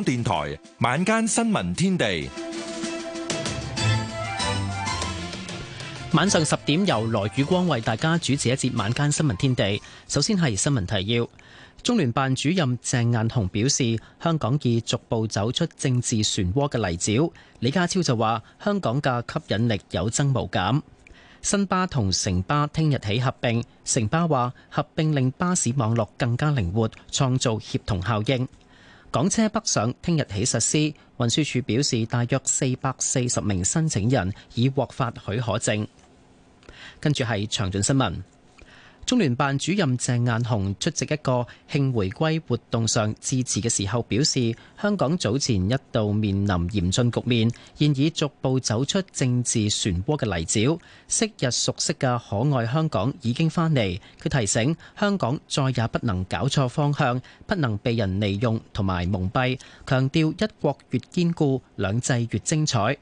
香港電台晚間新聞天地，晚上十點由羅宇光為大家主持一節晚間新聞天地。首先係新聞提要：中聯辦主任鄭雁雄表示，香港已逐步走出政治漩渦嘅泥沼。李家超就話，香港嘅吸引力有增無減。新巴同城巴聽日起合併，城巴話合併令巴士網絡更加靈活，創造協同效應。港車北上聽日起實施，運輸署表示，大約四百四十名申請人已獲發許可證。跟住係詳盡新聞。中聯辦主任鄭雁雄出席一個慶回歸活動上致辭嘅時候表示，香港早前一度面臨嚴峻局面，現已逐步走出政治漩渦嘅泥沼，昔日熟悉嘅可愛香港已經返嚟。佢提醒香港再也不能搞錯方向，不能被人利用同埋蒙蔽，強調一國越堅固，兩制越精彩。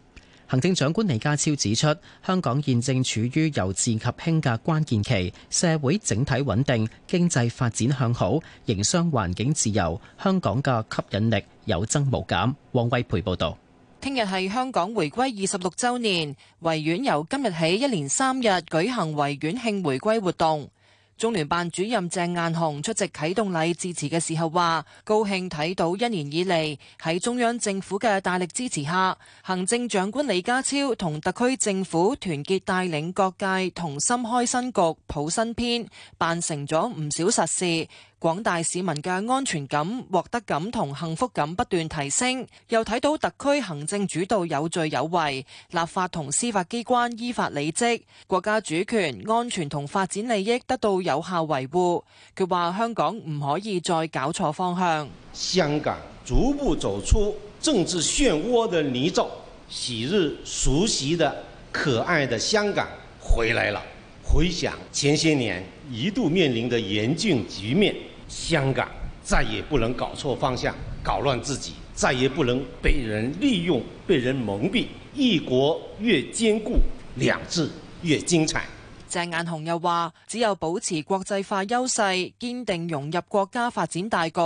行政長官李家超指出，香港現正處於由治及興嘅關鍵期，社會整體穩定，經濟發展向好，營商環境自由，香港嘅吸引力有增無減。黃惠培報導，聽日係香港回歸二十六週年，維園由今日起一連三日舉行維園慶回歸活動。中聯辦主任鄭雁雄出席啟動禮致辭嘅時候話：高興睇到一年以嚟喺中央政府嘅大力支持下，行政長官李家超同特區政府團結帶領各界同心開新局、譜新篇，辦成咗唔少實事。廣大市民嘅安全感、獲得感同幸福感不斷提升，又睇到特區行政主導有序有為，立法同司法機關依法履職，國家主權、安全同發展利益得到有效維護。佢話：香港唔可以再搞錯方向。香港逐步走出政治漩渦的泥沼，昔日熟悉的、可愛的香港回來了。回想前些年一度面臨的嚴峻局面。香港再也不能搞錯方向、搞亂自己，再也不能被人利用、被人蒙蔽。一國越堅固，兩制越精彩。鄭雁雄又話：只有保持國際化優勢，堅定融入國家發展大局，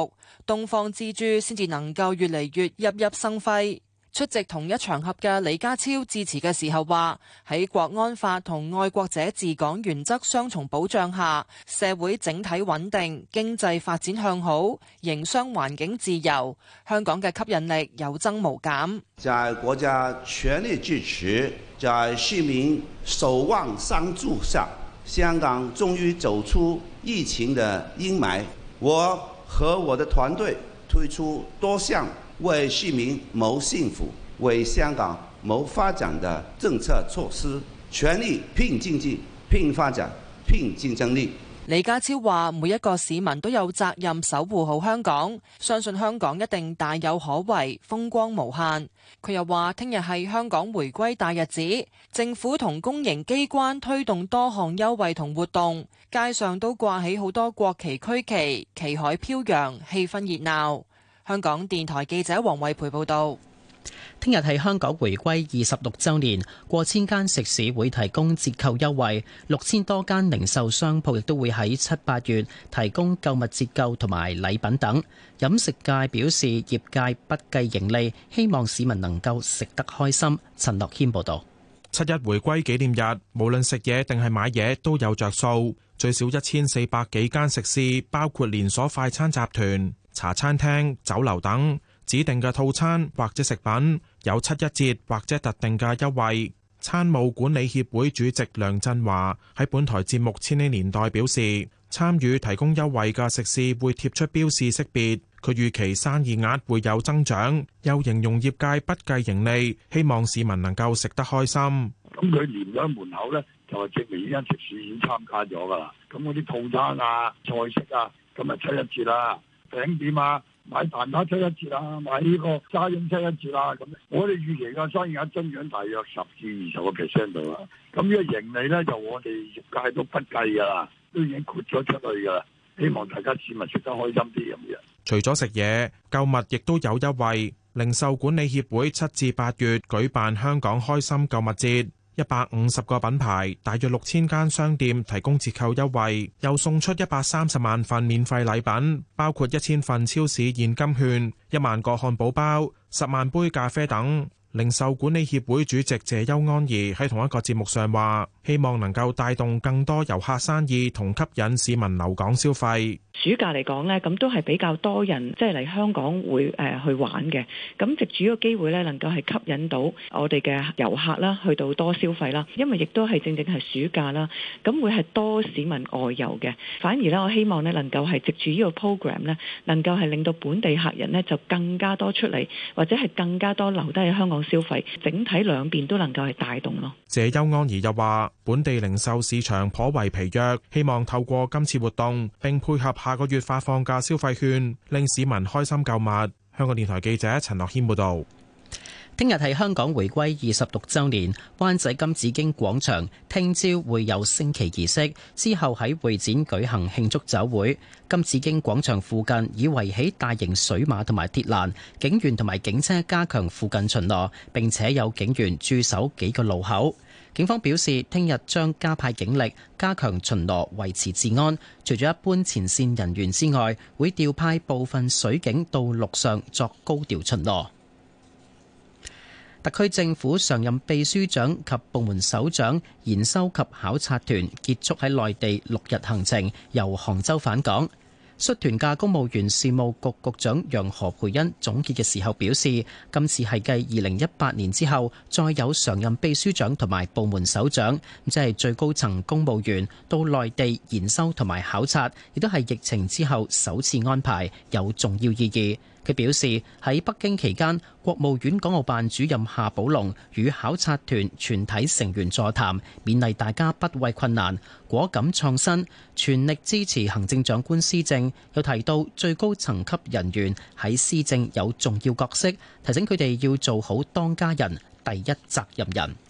東方之珠先至能夠越嚟越熠熠生輝。出席同一場合嘅李家超致辭嘅時候話：喺國安法同愛國者治港原則雙重保障下，社會整體穩定，經濟發展向好，營商環境自由，香港嘅吸引力有增無減。在國家全力支持、在市民守望相助下，香港終於走出疫情的陰霾。我和我的團隊推出多項為市民謀幸福，為香港謀發展的政策措施，全力拼經濟、拼發展、拼競爭力。李家超話：每一個市民都有責任守護好香港，相信香港一定大有可為，風光無限。佢又話：聽日係香港回歸大日子，政府同公營機關推動多項優惠同活動，街上都掛起好多國旗區旗，旗海飄揚，氣氛熱鬧。香港電台記者黃慧培報道，聽日係香港回歸二十六周年，過千間食肆會提供折扣優惠，六千多間零售商鋪亦都會喺七八月提供購物折扣同埋禮品等。飲食界表示，業界不計盈利，希望市民能夠食得開心。陳樂謙報道，七一回歸紀念日，無論食嘢定係買嘢都有着數，最少一千四百幾間食肆，包括連鎖快餐集團。茶餐廳、酒樓等指定嘅套餐或者食品有七一折或者特定嘅優惠。餐務管理協會主席梁振華喺本台節目《千禧年代》表示，參與提供優惠嘅食肆會貼出標示識別。佢預期生意額會有增長，又形容業界不計盈利，希望市民能夠食得開心。咁佢連咗門口咧，就係證明呢間食肆已經參加咗噶啦。咁嗰啲套餐啊、菜式啊，咁啊七一折啦。餅店啊，買蛋撻七一次啊，買呢個炸潤七一次啦，咁我哋預期個生意額增長大約十至二十個 percent 度啦。咁呢個盈利咧，就我哋業界都不計噶啦，都已經豁咗出去噶啦。希望大家市民食得開心啲咁樣。除咗食嘢，購物亦都有優惠。零售管理協會七至八月舉辦香港開心購物節。一百五十個品牌，大約六千間商店提供折扣優惠，又送出一百三十萬份免費禮品，包括一千份超市現金券、一萬個漢堡包、十萬杯咖啡等。零售管理協會主席謝邱安儀喺同一個節目上話，希望能夠帶動更多遊客生意，同吸引市民留港消費。暑假嚟講咧，咁都係比較多人即係嚟香港會誒、呃、去玩嘅。咁藉住呢個機會咧，能夠係吸引到我哋嘅遊客啦，去到多消費啦。因為亦都係正正係暑假啦，咁會係多市民外遊嘅。反而咧，我希望咧能夠係藉住呢個 program 咧，能夠係令到本地客人咧就更加多出嚟，或者係更加多留低喺香港。消費整體兩邊都能夠係帶動咯。謝優安怡又話，本地零售市場頗為疲弱，希望透過今次活動，並配合下個月發放嘅消費券，令市民開心購物。香港電台記者陳樂謙報道。聽日係香港回歸二十六周年，灣仔金紫荊廣場聽朝會有升旗儀式，之後喺會展舉行慶祝酒會。金紫荊廣場附近已圍起大型水馬同埋鐵欄，警員同埋警車加強附近巡邏，並且有警員駐守幾個路口。警方表示，聽日將加派警力，加強巡邏，維持治安。除咗一般前線人員之外，會調派部分水警到陸上作高調巡邏。特區政府常任秘書長及部門首長研修及考察團結束喺內地六日行程，由杭州返港。率團嘅公務員事務局局，局長楊何蓓茵總結嘅時候表示，今次係繼二零一八年之後，再有常任秘書長同埋部門首長，即係最高層公務員到內地研修同埋考察，亦都係疫情之後首次安排，有重要意義。佢表示喺北京期間，國務院港澳辦主任夏寶龍與考察團全體成員座談，勉勵大家不畏困難，果敢創新，全力支持行政長官施政。又提到最高層級人員喺施政有重要角色，提醒佢哋要做好當家人第一責任人。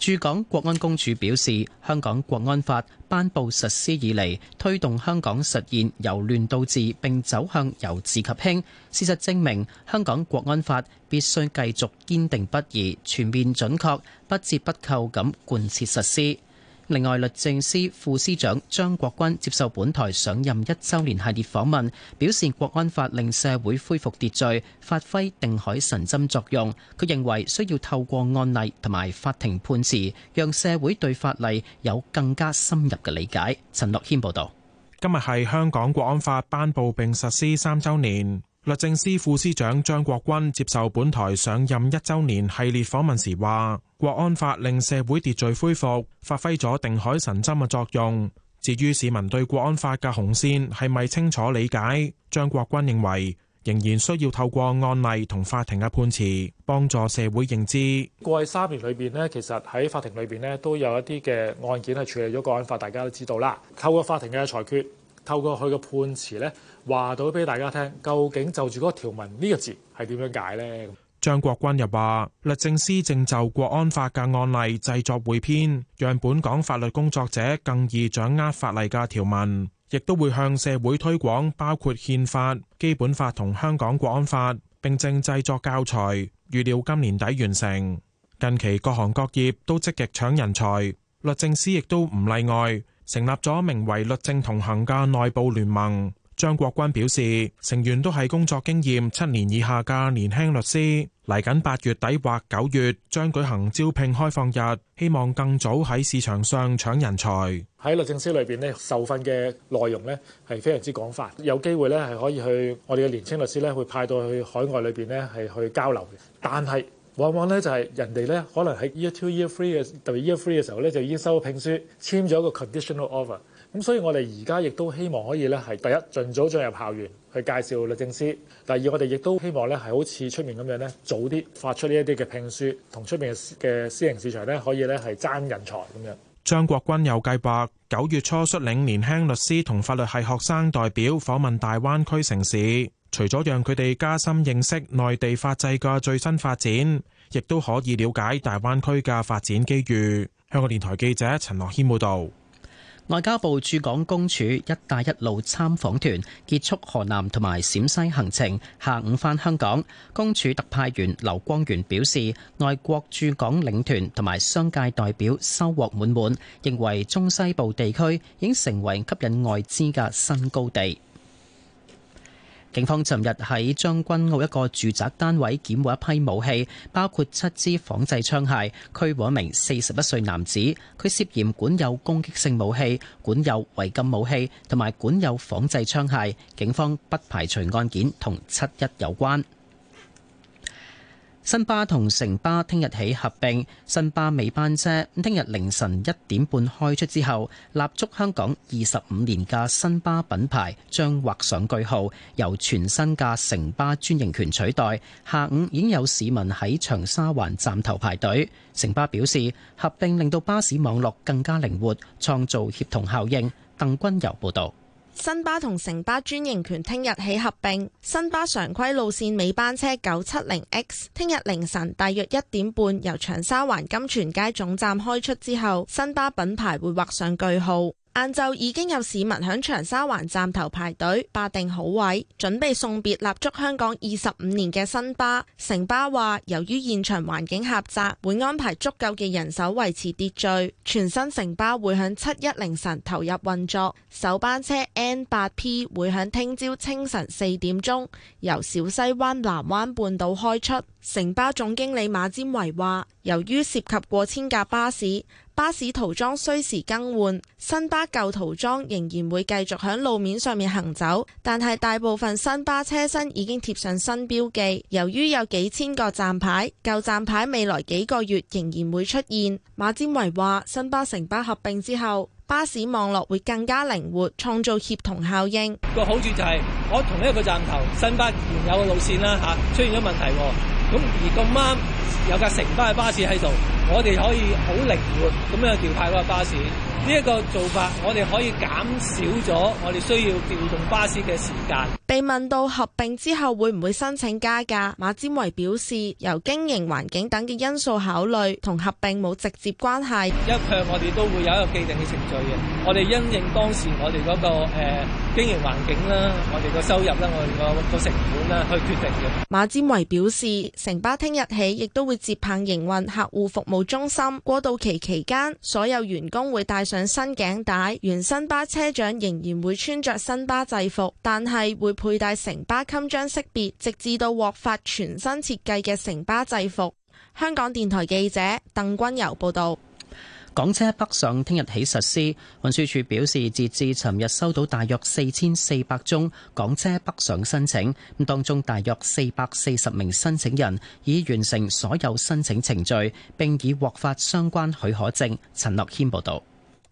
駐港國安公署表示，香港國安法頒布實施以嚟，推動香港實現由亂到治並走向由治及興。事實證明，香港國安法必須繼續堅定不移、全面準確、不折不扣咁貫徹實施。另外，律政司副司長張國鈞接受本台上任一周年系列訪問，表示國安法令社會恢復秩序，發揮定海神針作用。佢認為需要透過案例同埋法庭判詞，讓社會對法例有更加深入嘅理解。陳樂謙報道，今日係香港國安法頒布並實施三周年。律政司副司長張國軍接受本台上任一周年系列訪問時話，國安法令社會秩序恢復，發揮咗定海神針嘅作用。至於市民對國安法嘅紅線係咪清楚理解，張國軍認為仍然需要透過案例同法庭嘅判詞幫助社會認知。過去三年裏邊呢，其實喺法庭裏邊呢，都有一啲嘅案件係處理咗國安法，大家都知道啦。透過法庭嘅裁決，透過佢嘅判詞呢。話到俾大家聽，究竟就住嗰個條文呢個字係點樣解呢？張國鈞又話：律政司正就國安法嘅案例製作匯編，讓本港法律工作者更易掌握法例嘅條文，亦都會向社會推廣，包括憲法、基本法同香港國安法，並正製作教材，預料今年底完成。近期各行各業都積極搶人才，律政司亦都唔例外，成立咗名為律政同行嘅內部聯盟。張國鈞表示，成員都係工作經驗七年以下嘅年輕律師，嚟緊八月底或九月將舉行招聘開放日，希望更早喺市場上搶人才。喺律政司裏邊咧，受訓嘅內容咧係非常之廣泛，有機會咧係可以去我哋嘅年輕律師咧會派到去海外裏邊咧係去交流嘅。但係往往咧就係人哋咧可能喺 year two、year three 嘅，特別 year three 嘅時候咧就已經收到聘書，簽咗一個 conditional offer。咁所以我哋而家亦都希望可以咧，係第一，盡早進入校園去介紹律政司；第二，我哋亦都希望咧係好似出面咁樣咧，早啲發出呢一啲嘅聘書同出面嘅私營市場咧，可以咧係爭人才咁樣。張國軍又計劃九月初率領年輕律師同法律系學生代表訪問大灣區城市，除咗讓佢哋加深認識內地法制嘅最新發展，亦都可以了解大灣區嘅發展機遇。香港電台記者陳樂謙報道。外交部駐港公署「一帶一路」參訪團結束河南同埋陝西行程，下午返香港。公署特派員劉光源表示，外國駐港領團同埋商界代表收穫滿滿，認為中西部地區已經成為吸引外資嘅新高地。警方尋日喺將軍澳一個住宅單位檢獲一批武器，包括七支仿製槍械。拘捕一名四十一歲男子，佢涉嫌管有攻擊性武器、管有違禁武器同埋管有仿製槍械。警方不排除案件同七一有關。新巴同城巴聽日起合併，新巴尾班車聽日凌晨一點半開出之後，立足香港二十五年嘅新巴品牌將畫上句號，由全新嘅城巴專營權取代。下午已經有市民喺長沙灣站頭排隊。城巴表示合併令到巴士網絡更加靈活，創造協同效應。鄧君柔報道。新巴同城巴專營權聽日起合併，新巴常規路線尾班車九七零 X 聽日凌晨大約一點半由長沙灣金泉街總站開出之後，新巴品牌會畫上句號。晏晝已經有市民喺長沙灣站頭排隊，霸定好位，準備送別立足香港二十五年嘅新巴。城巴話，由於現場環境狹窄，會安排足夠嘅人手維持秩序。全新城巴會喺七一凌晨投入運作，首班車 N 八 P 會喺聽朝清晨四點鐘由小西灣藍灣半島開出。城巴總經理馬占維話，由於涉及過千架巴士。巴士塗裝需時更換，新巴舊塗裝仍然會繼續喺路面上面行走，但係大部分新巴車身已經貼上新標記。由於有幾千個站牌，舊站牌未來幾個月仍然會出現。馬占維話：新巴城巴合併之後，巴士網絡會更加靈活，創造協同效應。個好處就係我同一個站頭，新巴原有嘅路線啦吓、啊，出現咗問題。咁而咁啱有架城巴嘅巴士喺度，我哋可以好靈活咁樣調派嗰個巴士。呢、這、一個做法，我哋可以減少咗我哋需要調動巴士嘅時間。被問到合併之後會唔會申請加價，馬占維表示，由經營環境等嘅因素考慮，同合併冇直接關係。一向我哋都會有一個既定嘅程序嘅，我哋因應當時我哋嗰個誒經營環境啦，我哋個收入啦，我哋個個成本啦去決定嘅。馬占維表示。城巴聽日起亦都會接棒營運客戶服務中心。過渡期期間，所有員工會戴上新頸帶，原新巴車長仍然會穿着新巴制服，但係會佩戴城巴襟章識別，直至到獲發全新設計嘅城巴制服。香港電台記者鄧君游報道。港車北上聽日起實施，運輸署表示，截至尋日收到大約四千四百宗港車北上申請，咁當中大約四百四十名申請人已完成所有申請程序，並已獲發相關許可證。陳樂謙報導。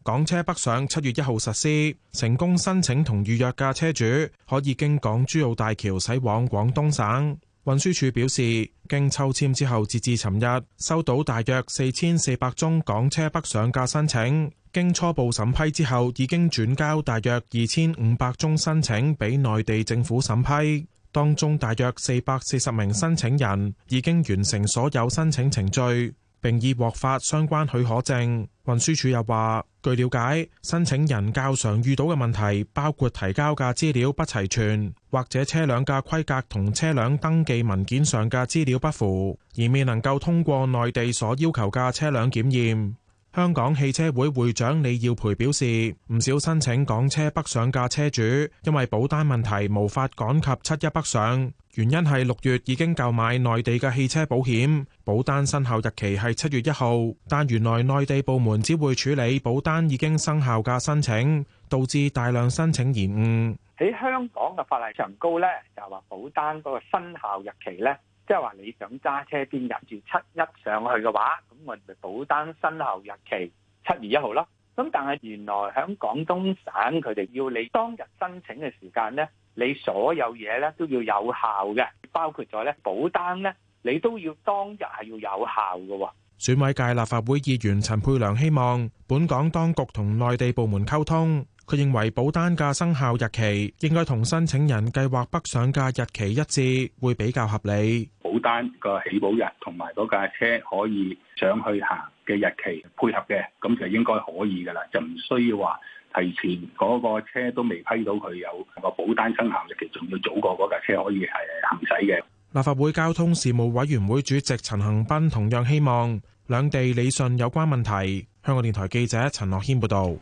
港車北上七月一號實施，成功申請同預約嘅車主可以經港珠澳大橋駛往廣東省。運輸署表示，經抽籤之後，截至尋日收到大約四千四百宗港車北上嘅申請，經初步審批之後，已經轉交大約二千五百宗申請俾內地政府審批。當中大約四百四十名申請人已經完成所有申請程序，並已獲發相關許可證。運輸署又話，據了解，申請人較常遇到嘅問題包括提交嘅資料不齊全，或者車輛嘅規格同車輛登記文件上嘅資料不符，而未能夠通過內地所要求嘅車輛檢驗。香港汽車會會長李耀培表示，唔少申請港車北上嘅車主因為保單問題無法趕及七一北上，原因係六月已經購買內地嘅汽車保險，保單生效日期係七月一號，但原來內地部門只會處理保單已經生效嘅申請，導致大量申請延誤。喺香港嘅法例上高呢，就係話保單個生效日期呢。即係話你想揸車邊入住七一上去嘅話，咁我哋保單生效日期七月一號咯。咁但係原來喺廣東省佢哋要你當日申請嘅時間咧，你所有嘢咧都要有效嘅，包括咗咧保單咧，你都要當日係要有效㗎喎。選委界立法會議員陳佩良希望本港當局同內地部門溝通，佢認為保單嘅生效日期應該同申請人計劃北上嘅日期一致，會比較合理。保單個起保日同埋嗰架車可以上去行嘅日期配合嘅，咁就應該可以噶啦，就唔需要話提前嗰個車都未批到，佢有個保單生效日期，仲要早過嗰架車可以係行駛嘅。立法會交通事務委員會主席陳恒鑌同樣希望兩地理順有關問題。香港電台記者陳樂謙報道。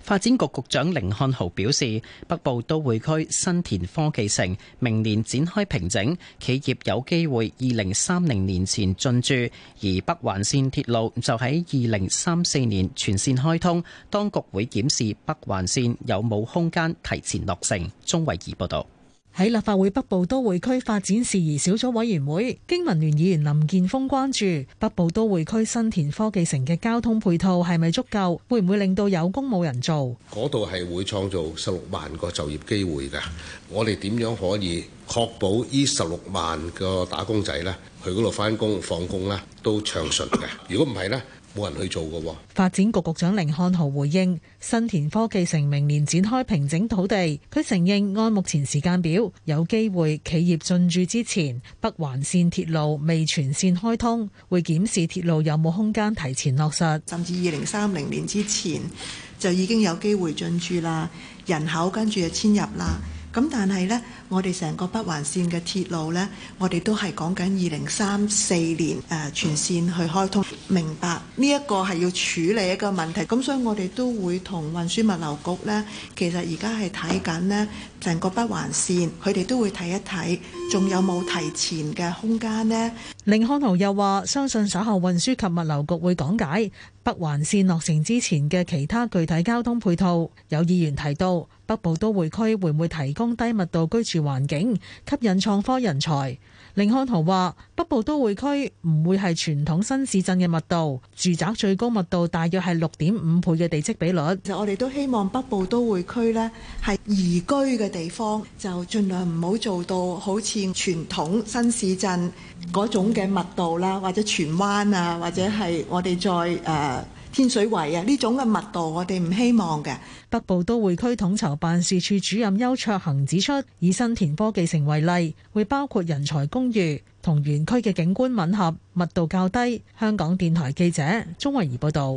發展局局長凌漢豪表示，北部都會區新田科技城明年展開平整，企業有機會二零三零年前進駐。而北環線鐵路就喺二零三四年全線開通，當局會檢視北環線有冇空間提前落成。鍾慧儀報道。喺立法會北部都會區發展事宜小組委員會，經民聯議員林健鋒關注北部都會區新田科技城嘅交通配套係咪足夠？會唔會令到有工冇人做？嗰度係會創造十六萬個就業機會㗎。我哋點樣可以確保呢十六萬個打工仔呢，去嗰度返工放工呢，都暢順嘅？如果唔係呢，冇人去做㗎喎。發展局局長甯漢豪回應：新田科技城明年展開平整土地。佢承認按目前時間表，有機會企業進駐之前，北環線鐵路未全線開通，會檢視鐵路有冇空間提前落實，甚至二零三零年之前就已經有機會進駐啦，人口跟住就遷入啦。咁但係呢，我哋成個北環線嘅鐵路呢，我哋都係講緊二零三四年誒、呃、全線去開通。明白呢一個係要處理一個問題，咁所以我哋都會同運輸物流局呢，其實而家係睇緊呢成個北環線，佢哋都會睇一睇。仲有冇提前嘅空間呢？甯漢豪又話相信稍後運輸及物流局會講解北環線落成之前嘅其他具體交通配套。有議員提到北部都會區會唔會提供低密度居住環境，吸引創科人才。凌漢豪話：北部都會區唔會係傳統新市鎮嘅密度，住宅最高密度大約係六點五倍嘅地積比率。其實我哋都希望北部都會區呢係宜居嘅地方，就盡量唔好做到好似傳統新市鎮嗰種嘅密度啦，或者荃灣啊，或者係我哋再誒。Uh, 天水圍啊，呢種嘅密度我哋唔希望嘅。北部都會區統籌辦事處主任邱卓恒指出，以新田科技城為例，會包括人才公寓同園區嘅景觀吻合，密度較低。香港電台記者鍾慧儀報道。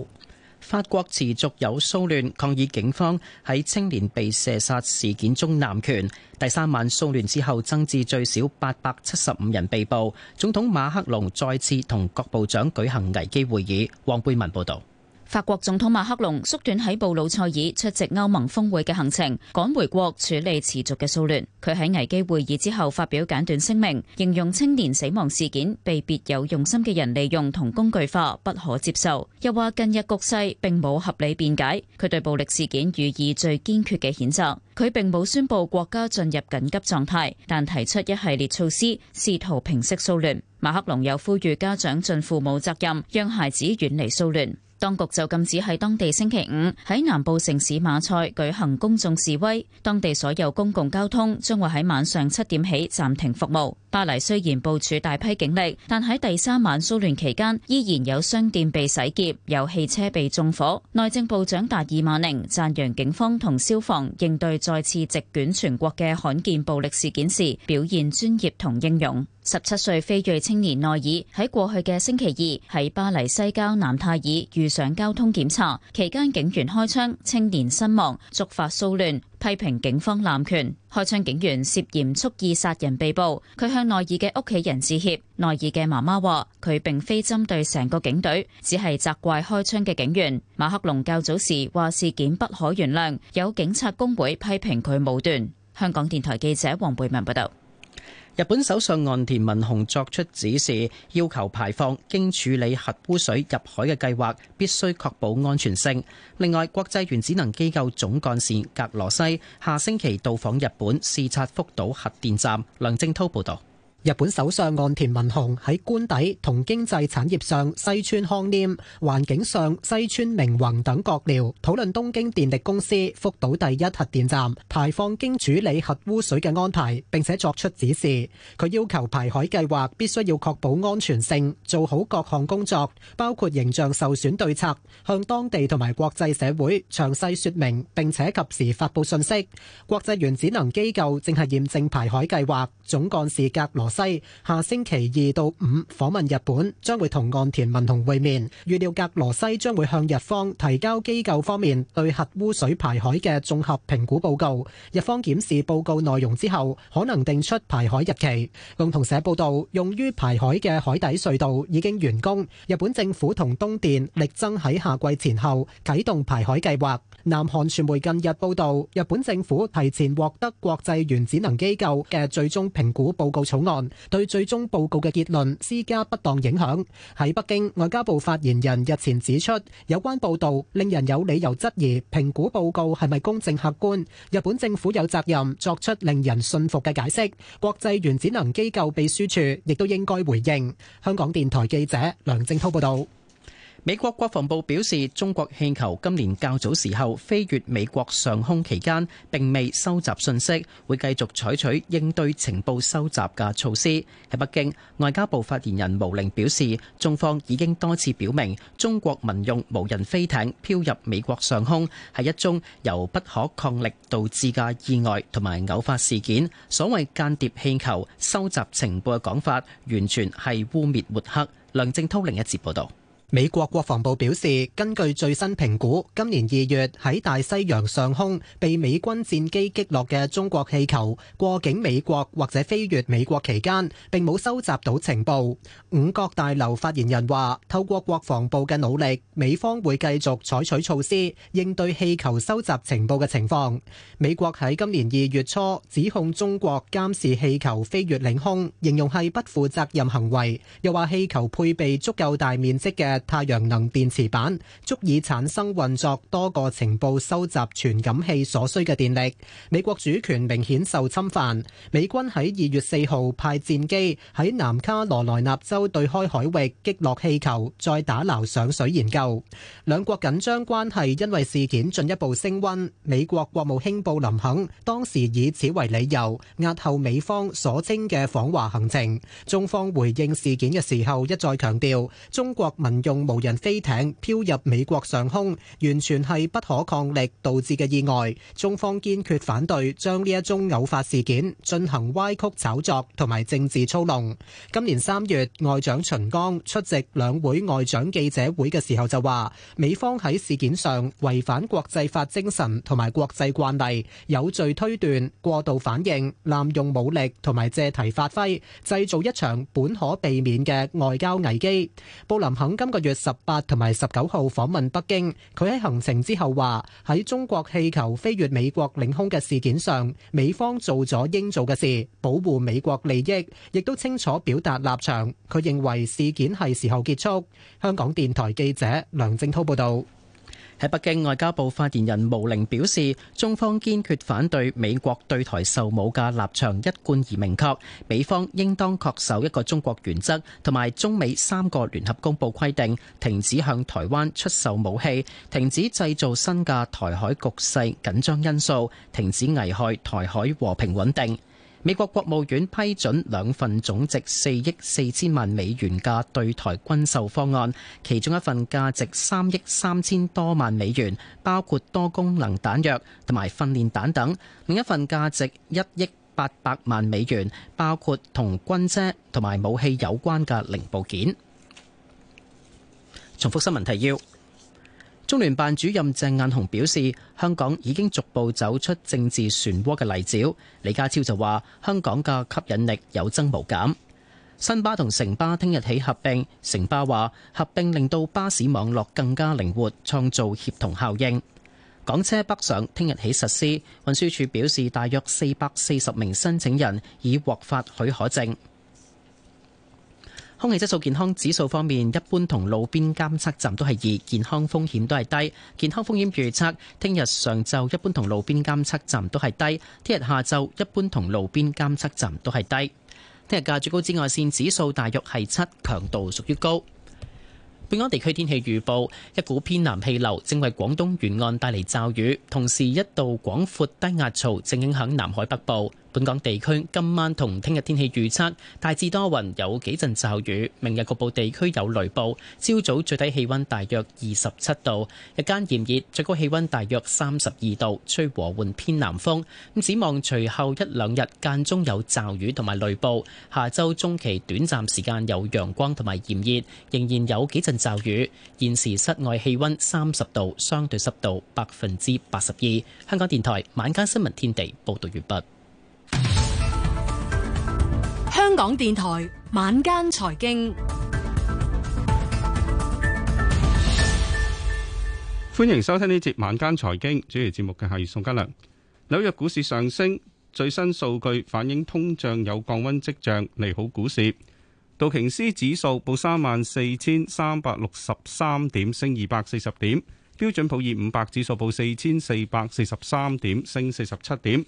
法國持續有騷亂，抗議警方喺青年被射殺事件中濫權。第三晚騷亂之後，增至最少八百七十五人被捕。總統馬克龍再次同各部長舉行危機會議。黃貝文報導。法國總統馬克龍縮短喺布魯塞爾出席歐盟峰會嘅行程，趕回國處理持續嘅騷亂。佢喺危機會議之後發表簡短聲明，形容青年死亡事件被別有用心嘅人利用同工具化，不可接受。又話近日局勢並冇合理辯解。佢對暴力事件予以最堅決嘅譴責。佢並冇宣布國家進入緊急狀態，但提出一系列措施，試圖平息騷亂。馬克龍又呼籲家長盡父母責任，讓孩子遠離騷亂。當局就禁止喺當地星期五喺南部城市馬賽舉行公眾示威，當地所有公共交通將會喺晚上七點起暫停服務。巴黎雖然部署大批警力，但喺第三晚騷亂期間，依然有商店被洗劫，有汽車被縱火。內政部長達爾馬寧讚揚警方同消防應對再次席捲全國嘅罕見暴力事件時表現專業同英勇。十七歲非裔青年內爾喺過去嘅星期二喺巴黎西郊南泰爾遇上交通檢查期間，警員開槍，青年身亡，觸發騷亂，批評警方濫權。開槍警員涉嫌蓄,蓄意殺人被捕。佢向內爾嘅屋企人致歉。內爾嘅媽媽話佢並非針對成個警隊，只係責怪開槍嘅警員。馬克龍較早時話事件不可原諒，有警察工會批評佢武斷。香港電台記者黃貝文報道。日本首相岸田文雄作出指示，要求排放經處理核污水入海嘅計劃必須確保安全性。另外，國際原子能機構總幹事格羅西下星期到訪日本視察福島核電站。梁正濤報道。日本首相岸田文雄喺官邸同經濟產業上西村康稔、環境上西村明宏等閣僚討論東京電力公司福島第一核電站排放經處理核污水嘅安排，並且作出指示。佢要求排海計劃必須要確保安全性，做好各項工作，包括形象受損對策，向當地同埋國際社會詳細說明，並且及時發布信息。國際原子能機構正係驗證排海計劃，總幹事格羅下星期二到五訪問日本，將會同岸田文雄會面。預料格羅西將會向日方提交機構方面對核污水排海嘅綜合評估報告。日方檢視報告內容之後，可能定出排海日期。共同社報道，用於排海嘅海底隧道已經完工。日本政府同東電力爭喺夏季前後啟動排海計劃。南韓傳媒近日報道，日本政府提前獲得國際原子能機構嘅最終評估報告草案。對最終報告嘅結論施加不當影響。喺北京，外交部發言人日前指出，有關報道令人有理由質疑評估報告係咪公正客觀。日本政府有責任作出令人信服嘅解釋，國際原子能機構秘書處亦都應該回應。香港電台記者梁正濤報道。美國國防部表示中國氣球今年較早時候飛越美國上空期間並未收集訊息,會繼續採取應對情報收集嘅措施。喺北京,外交部發言人毛寧表示,中方已經多次表明中國民用無人飛艇飄入美國上空係一宗由不可抗力導致嘅意外同埋偶發事件。所謂間諜氣球收集情報嘅講法完全係污衊抹黑。梁正通另一節報道。美國國防部表示，根據最新評估，今年二月喺大西洋上空被美軍戰機擊落嘅中國氣球過境美國或者飛越美國期間，並冇收集到情報。五角大樓發言人話，透過國防部嘅努力，美方會繼續採取措施應對氣球收集情報嘅情況。美國喺今年二月初指控中國監視氣球飛越領空，形容係不負責任行為，又話氣球配備足夠大面積嘅。太陽能電池板足以產生運作多個情報收集傳感器所需嘅電力，美國主權明顯受侵犯。美軍喺二月四號派戰機喺南卡羅來納州對開海域擊落氣球，再打撈上水研究。兩國緊張關係因為事件進一步升溫。美國國務卿布林肯當時以此為理由，押後美方所稱嘅訪華行程。中方回應事件嘅時候一再強調，中國民。用無人飛艇飄入美國上空，完全係不可抗力導致嘅意外。中方堅決反對將呢一宗偶發事件進行歪曲炒作同埋政治操弄。今年三月，外長秦剛出席兩會外長記者會嘅時候就話，美方喺事件上違反國際法精神同埋國際慣例，有罪推斷、過度反應、濫用武力同埋借題發揮，製造一場本可避免嘅外交危機。布林肯今八月十八同埋十九號訪問北京，佢喺行程之後話喺中國氣球飛越美國領空嘅事件上，美方做咗應做嘅事，保護美國利益，亦都清楚表達立場。佢認為事件係時候結束。香港電台記者梁正濤報道。喺北京外交部發言人毛寧表示，中方堅決反對美國對台售武嘅立場一貫而明確，美方應當恪守一個中國原則同埋中美三個聯合公布規定，停止向台灣出售武器，停止製造新嘅台海局勢緊張因素，停止危害台海和平穩定。美國國務院批准兩份總值四億四千萬美元嘅對台軍售方案，其中一份價值三億三千多萬美元，包括多功能彈藥同埋訓練彈等；另一份價值一億八百萬美元，包括同軍車同埋武器有關嘅零部件。重複新聞提要。中聯辦主任鄭雁雄表示，香港已經逐步走出政治漩渦嘅泥沼。李家超就話，香港嘅吸引力有增無減。新巴同城巴聽日起合併，城巴話合併令到巴士網絡更加靈活，創造協同效應。港車北上聽日起實施，運輸署表示，大約四百四十名申請人已獲發許可證。空氣質素健康指數方面，一般同路邊監測站都係二，健康風險都係低。健康風險預測，聽日上晝一般同路邊監測站都係低，聽日下晝一般同路邊監測站都係低。聽日嘅最高紫外線指數大約係七，強度屬於高。本港地區天氣預報，一股偏南氣流正為廣東沿岸帶嚟驟雨，同時一道廣闊低壓槽正影響南海北部。本港地區今晚同聽日天氣預測大致多雲，有幾陣驟雨。明日局部地區有雷暴。朝早最低氣溫大約二十七度，日間炎熱，最高氣溫大約三十二度，吹和緩偏南風。咁展望隨後一兩日間中有驟雨同埋雷暴。下周中期短暫時間有陽光同埋炎熱，仍然有幾陣驟雨。現時室外氣溫三十度，相對濕度百分之八十二。香港電台晚間新聞天地報道完畢。香港電台晚間財經，歡迎收聽呢節晚間財經主持節目嘅係宋嘉良。紐約股市上升，最新數據反映通脹有降溫跡象，利好股市。道瓊斯指數報三萬四千三百六十三點，升二百四十點。標準普爾五百指數報四千四百四十三點，升四十七點。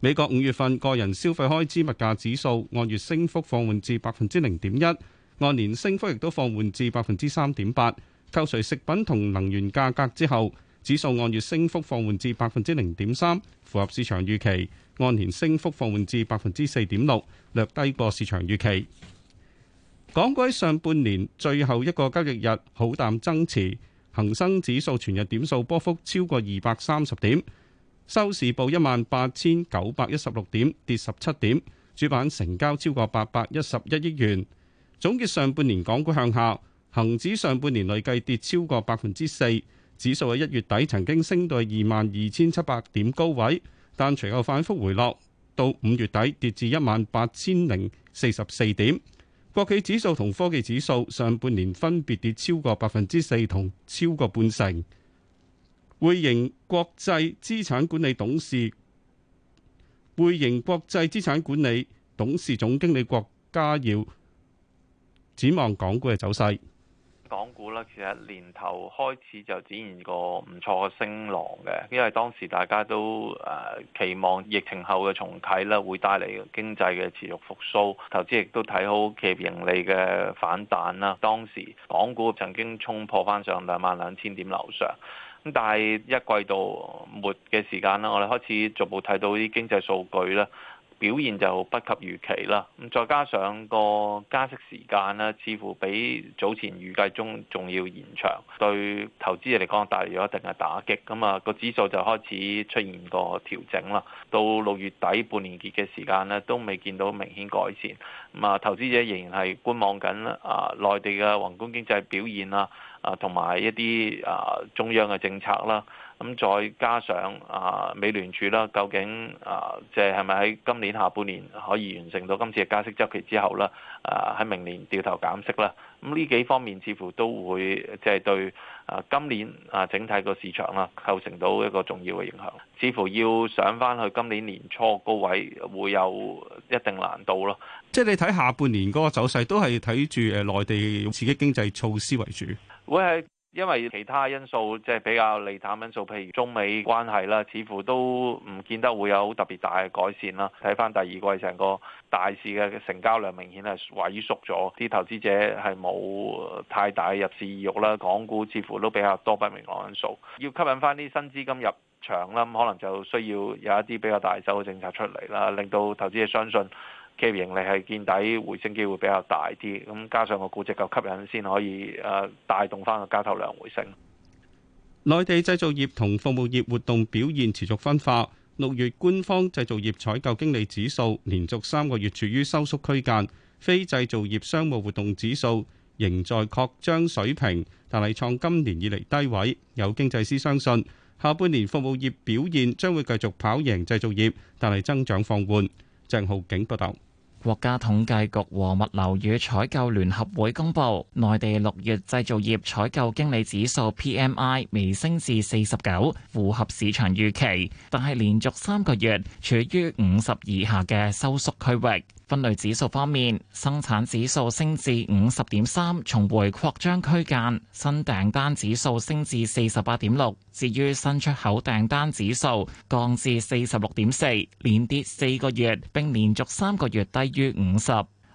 美國五月份個人消費開支物價指數按月升幅放緩至百分之零點一，按年升幅亦都放緩至百分之三點八。扣除食品同能源價格之後，指數按月升幅放緩至百分之零點三，符合市場預期；按年升幅放緩至百分之四點六，略低過市場預期。港股上半年最後一個交易日，好淡爭持，恒生指數全日點數波幅超過二百三十點。收市報一萬八千九百一十六點，跌十七點。主板成交超過八百一十一億元。總結上半年港股向下，恒指上半年累計跌超過百分之四，指數喺一月底曾經升到二萬二千七百點高位，但隨後反復回落，到五月底跌至一萬八千零四十四點。國企指數同科技指數上半年分別跌超過百分之四同超過半成。匯盈國際資產管理董事、匯盈國際資產管理董事總經理郭家耀，展望港股嘅走勢。港股呢，其實年頭開始就展現過唔錯嘅升浪嘅，因為當時大家都誒期望疫情後嘅重啟啦，會帶嚟經濟嘅持續復甦，投資亦都睇好企業盈利嘅反彈啦。當時港股曾經衝破翻上兩萬兩千點樓上。但係一季度末嘅時間啦，我哋開始逐步睇到啲經濟數據啦，表現就不及預期啦。咁再加上個加息時間咧，似乎比早前預計中仲要延長，對投資者嚟講帶嚟咗一定嘅打擊。咁啊，個指數就開始出現個調整啦。到六月底半年結嘅時間咧，都未見到明顯改善。咁啊，投資者仍然係觀望緊啊，內地嘅宏觀經濟表現啊。啊，同埋一啲啊中央嘅政策啦。咁再加上啊，美聯儲啦，究竟啊，即係係咪喺今年下半年可以完成到今次嘅加息周期之後啦？啊，喺明年掉頭減息啦。咁呢幾方面似乎都會即係對啊，今年啊，整體個市場啦構成到一個重要嘅影響，似乎要上翻去今年年初高位會有一定難度咯。即係你睇下半年嗰個走勢都係睇住誒內地用刺激經濟措施為主。會係。因為其他因素即係、就是、比較利淡因素，譬如中美關係啦，似乎都唔見得會有特別大嘅改善啦。睇翻第二季成個大市嘅成交量明顯係萎縮咗，啲投資者係冇太大嘅入市意欲啦。港股似乎都比較多不明朗因素，要吸引翻啲新資金入場啦。可能就需要有一啲比較大手嘅政策出嚟啦，令到投資者相信，企業盈利係見底回升機會比較大啲，咁加上個估值夠吸引先可以誒，帶動翻個交投量回升。內地製造業同服務業活動表現持續分化。六月官方製造業採購經理指數連續三個月處於收縮區間，非製造業商務活動指數仍在擴張水平，但係創今年以嚟低位。有經濟師相信下半年服務業表現將會繼續跑贏製造業，但係增長放緩。鄭浩景報道。國家統計局和物流與採購聯合會公布，內地六月製造業採購經理指數 PMI 微升至四十九，符合市場預期，但係連續三個月處於五十以下嘅收縮區域。分類指數方面，生產指數升至五十點三，重回擴張區間；新訂單指數升至四十八點六，至於新出口訂單指數降至四十六點四，連跌四個月，並連續三個月低於五十。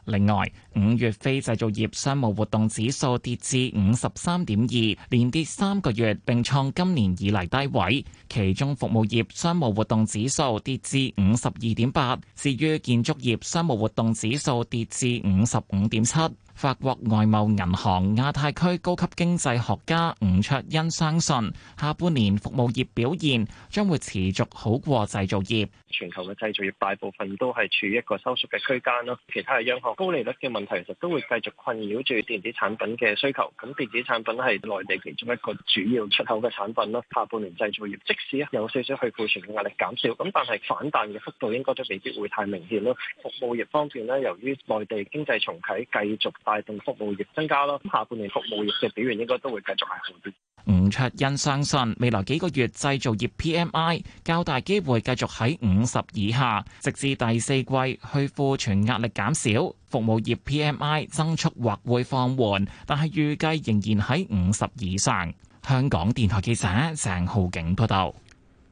另外，五月非製造業商務活動指數跌至五十三點二，連跌三個月，並創今年以嚟低位。其中服務業商務活動指數跌至五十二點八，至於建築業商務活動指數跌至五十五點七。法國外貿銀行亞太區高級經濟學家吳卓恩相信，下半年服務業表現將會持續好過製造業。全球嘅製造業大部分都係處於一個收縮嘅區間咯，其他嘅央行高利率嘅問題其實都會繼續困擾住電子產品嘅需求。咁電子產品係內地其中一個主要出口嘅產品咯。下半年製造業即使有少少去庫存嘅壓力減少，咁但係反彈嘅幅度應該都未必會太明顯咯。服務業方面咧，由於內地經濟重啟，繼續帶動服務業增加咯，下半年服務業嘅表現應該都會繼續係好啲。吳卓恩相信未來幾個月製造業 PMI 較大機會繼續喺五十以下，直至第四季去庫存壓力減少，服務業 PMI 增速或會放緩，但係預計仍然喺五十以上。香港電台記者鄭浩景報道，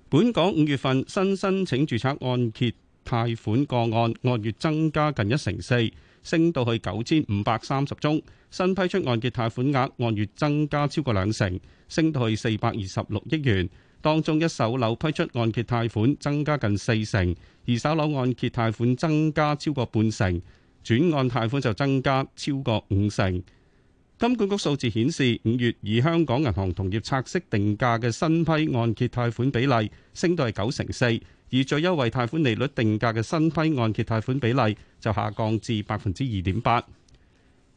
本港五月份新申請注冊按揭貸,貸款個案按月增加近一成四。昇到去九千五百三十宗，新批出按揭貸款額按月增加超過兩成，昇到去四百二十六億元。當中一手樓批出按揭貸款增加近四成，二手樓按揭貸款增加超過半成，轉按貸款就增加超過五成。金管局數字顯示，五月以香港銀行同業拆息定價嘅新批按揭貸款比例升到係九成四，而最優惠貸款利率定價嘅新批按揭貸款比例就下降至百分之二點八。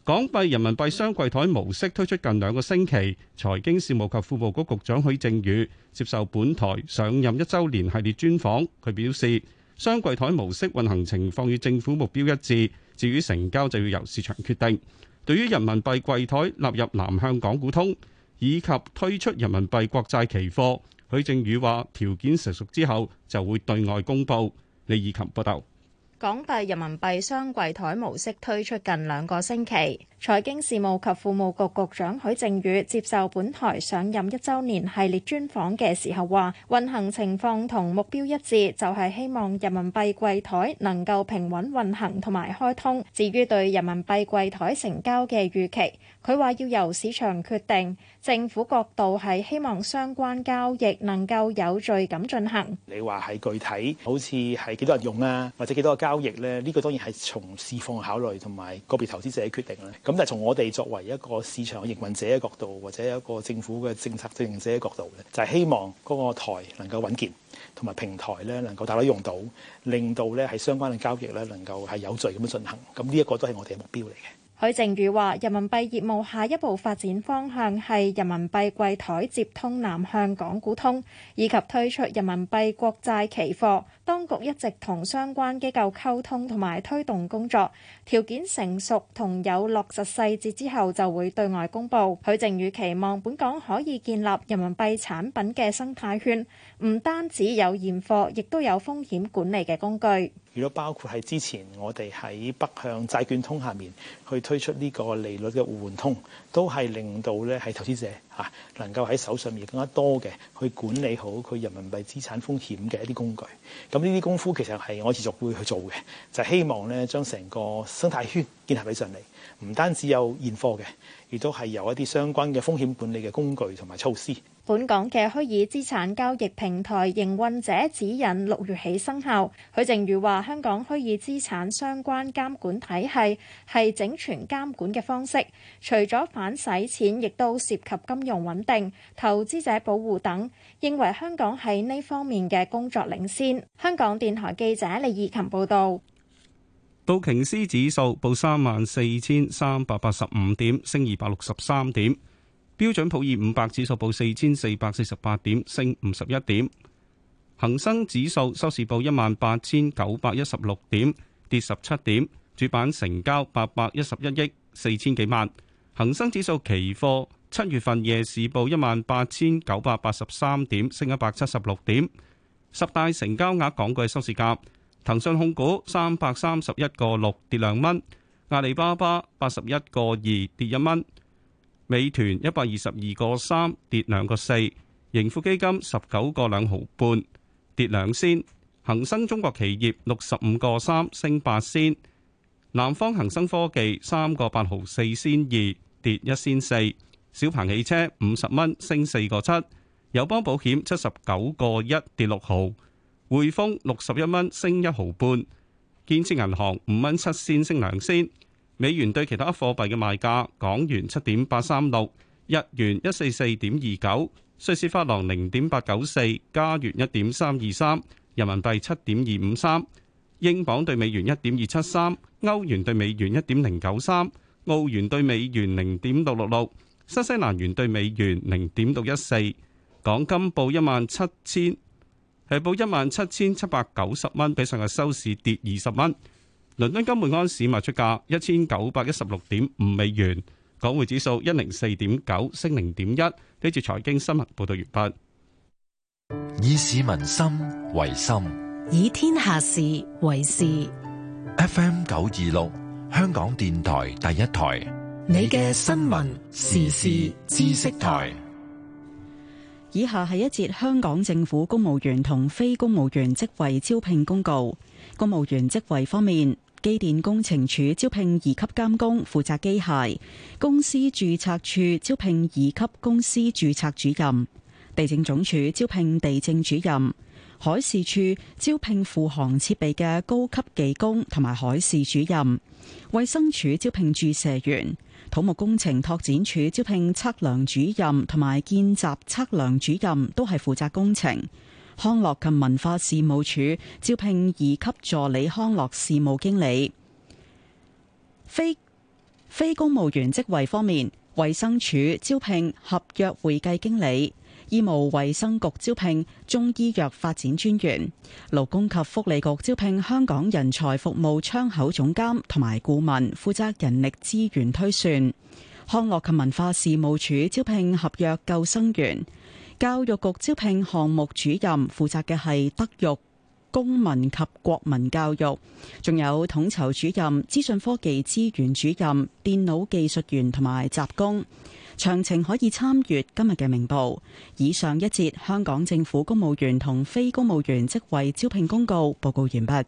港幣、人民幣雙櫃台模式推出近兩個星期，財經事務及庫務局局長許正宇接受本台上任一週年系列專訪，佢表示雙櫃台模式運行情況與政府目標一致，至於成交就要由市場決定。對於人民幣櫃台納入南向港股通以及推出人民幣國債期貨，許正宇話條件成熟之後就會對外公佈。李以琴報道。港幣、人民幣雙櫃台模式推出近兩個星期，財經事務及庫務局局長許正宇接受本台上任一週年系列專訪嘅時候話：運行情況同目標一致，就係希望人民幣櫃台能夠平穩運行同埋開通。至於對人民幣櫃台成交嘅預期，佢話要由市場決定。政府角度係希望相關交易能夠有序咁進行。你話係具體，好似係幾多人用啊，或者幾多個交易咧？呢個當然係從市況考慮同埋個別投資者嘅決定啦。咁但係從我哋作為一個市場營運者嘅角度，或者一個政府嘅政策制定者嘅角度咧，就係希望嗰個台能夠穩健，同埋平台咧能夠大家用到，令到咧喺相關嘅交易咧能夠係有序咁樣進行。咁呢一個都係我哋嘅目標嚟嘅。許正宇話：人民幣業務下一步發展方向係人民幣櫃台接通南向港股通，以及推出人民幣國債期貨。當局一直同相關機構溝通同埋推動工作，條件成熟同有落實細節之後就會對外公佈。許正宇期望本港可以建立人民幣產品嘅生態圈，唔單止有現貨，亦都有風險管理嘅工具。如果包括係之前我哋喺北向債券通下面去推出呢個利率嘅互換通，都係令到咧係投資者嚇、啊、能夠喺手上面更加多嘅去管理好佢人民幣資產風險嘅一啲工具。咁呢啲功夫其實係我持續會去做嘅，就是、希望咧將成個生態圈建立起上嚟。唔單止有現貨嘅，亦都係有一啲相關嘅風險管理嘅工具同埋措施。本港嘅虛擬資產交易平台營運者指引六月起生效。許正宇話：香港虛擬資產相關監管體系係整全監管嘅方式，除咗反洗錢，亦都涉及金融穩定、投資者保護等，認為香港喺呢方面嘅工作領先。香港電台記者李以琴報道。道瓊斯指數報三萬四千三百八十五點，升二百六十三點。標準普爾五百指數報四千四百四十八點，升五十一點。恒生指數收市報一萬八千九百一十六點，跌十七點。主板成交八百一十一億四千幾萬。恒生指數期貨七月份夜市報一萬八千九百八十三點，升一百七十六點。十大成交額港股嘅收市價。騰訊控股三百三十一個六跌兩蚊，阿里巴巴八十一個二跌一蚊，美團一百二十二個三跌兩個四，盈富基金十九個兩毫半跌兩仙，恒生中國企業六十五個三升八仙，南方恒生科技三個八毫四仙二跌一仙四，小鵬汽車五十蚊升四個七，友邦保險七十九個一跌六毫。匯豐六十一蚊升一毫半，建設銀行五蚊七仙升兩仙。美元對其他貨幣嘅賣價：港元七點八三六，日元一四四點二九，瑞士法郎零點八九四，加元一點三二三，人民幣七點二五三，英鎊兌美元一點二七三，歐元兌美元一點零九三，澳元兌美元零點六六六，新西蘭元兌美元零點六一四，港金報一萬七千。報一萬七千七百九十蚊，比上日收市跌二十蚊。倫敦金每安市賣出價一千九百一十六點五美元。港匯指數一零四點九升零點一。呢次財經新聞報道完畢。以市民心為心，以天下事為事。FM 九二六，香港電台第一台，你嘅新聞時事知識台。以下係一節香港政府公務員同非公務員職位招聘公告。公務員職位方面，機電工程署招聘二級監工，負責機械；公司注冊處招聘二級公司注冊主任；地政總署招聘地政主任；海事處招聘副航設備嘅高級技工同埋海事主任；衛生署招聘注射員。土木工程拓展署招聘測量主任同埋見習測量主任，都係負責工程。康樂及文化事務署招聘二級助理康樂事務經理。非非公務員職位方面，衛生署招聘合約會計經理。醫務衛生局招聘中醫藥發展專員，勞工及福利局招聘香港人才服務窗口總監同埋顧問，負責人力資源推算。康樂及文化事務署招聘合約救生員，教育局招聘項目主任，負責嘅係德育、公民及國民教育，仲有統籌主任、資訊科技資源主任、電腦技術員同埋雜工。詳情可以參閱今日嘅明報。以上一節，香港政府公務員同非公務員職位招聘公告，報告完畢。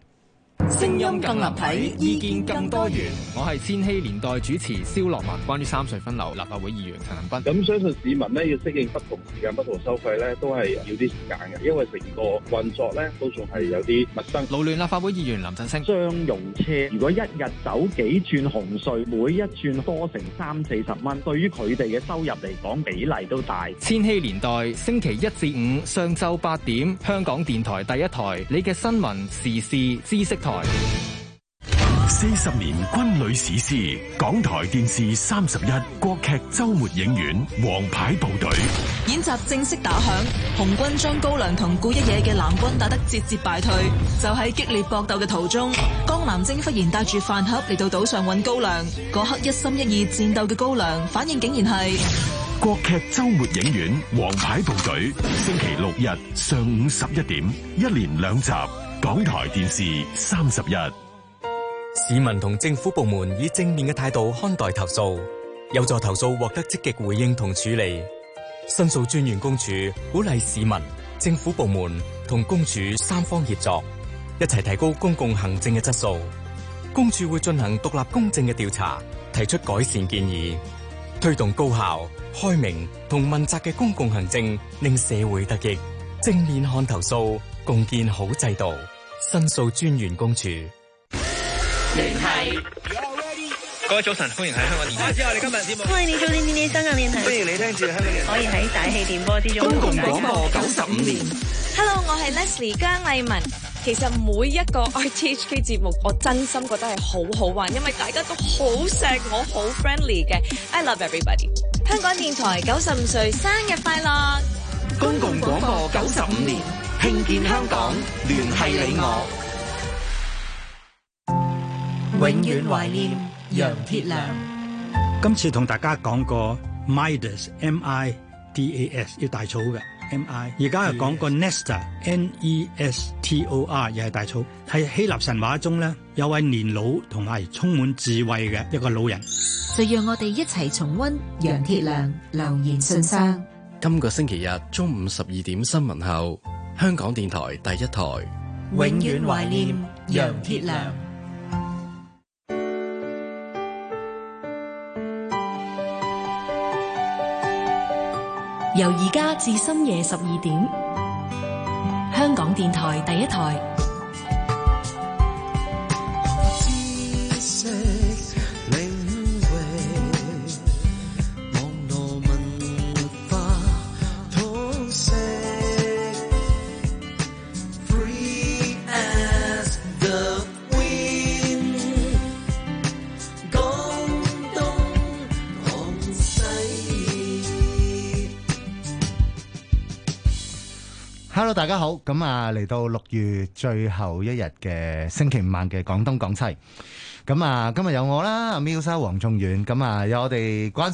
聲音更立體，意見更多元。我係千禧年代主持蕭樂文，關於三隧分流，立法會議員陳恒鑌。咁相信市民咧要適應不同時間、不同收費咧，都係要啲時間嘅，因為成個運作咧都仲係有啲陌生。勞聯立法會議員林振升：商用車如果一日走幾轉紅隧，每一轉多成三四十蚊，對於佢哋嘅收入嚟講，比例都大。千禧年代星期一至五上晝八點，香港電台第一台，你嘅新聞時事知識。台四十年軍旅史詩，港台電視三十一國劇周末影院，王牌部隊，演習正式打響，紅軍將高粱同顧一野嘅藍軍打得節節敗退。就喺激烈搏鬥嘅途中，江南征忽然帶住飯盒嚟到島上揾高粱。嗰刻一心一意戰鬥嘅高粱，反應竟然係國劇周末影院，王牌部隊，星期六日上午十一點，一連兩集。港台電視三十日，市民同政府部門以正面嘅態度看待投訴，有助投訴獲得積極回應同處理。申訴專員公署鼓勵市民、政府部門同公署三方協作，一齊提高公共行政嘅質素。公署會進行獨立公正嘅調查，提出改善建議，推動高效、開明同問責嘅公共行政，令社會得益。正面看投訴，共建好制度。申訴專員公署，你係 you ready 各位早晨，歡迎喺香港電台。啊、我哋今日節目歡迎你今天呢啲香港電台，歡迎你聽住香港電台。 可以喺大氣電波之中。公共廣播九十五年。Hello，我係 Leslie 姜麗文。其實每一個 RTHK 節目，我真心覺得係好好玩，因為大家都好錫我，好 friendly 嘅。I love everybody。香港電台九十五歲生日快樂！公共廣播九十五年。興建香港，聯繫你我，永遠懷念楊鐵良。今次同大家講個 Midas Midas M I D A S 要大草嘅 M I，而家又講個 Nestor Nestor N E S T O R，又係大草。喺希臘神話中咧，有位年老同埋充滿智慧嘅一個老人。就讓我哋一齊重温楊鐵良留言信箱。今個星期日中午十二點新聞後。香港電台第一台，永遠懷念楊鐵良。由而家至深夜十二點，香港電台第一台。hello，大家好，咁啊嚟到六月最後一日嘅星期五晚嘅廣東廣西，咁啊今日有我啦，阿 Mia、黃仲元，咁啊有我哋關。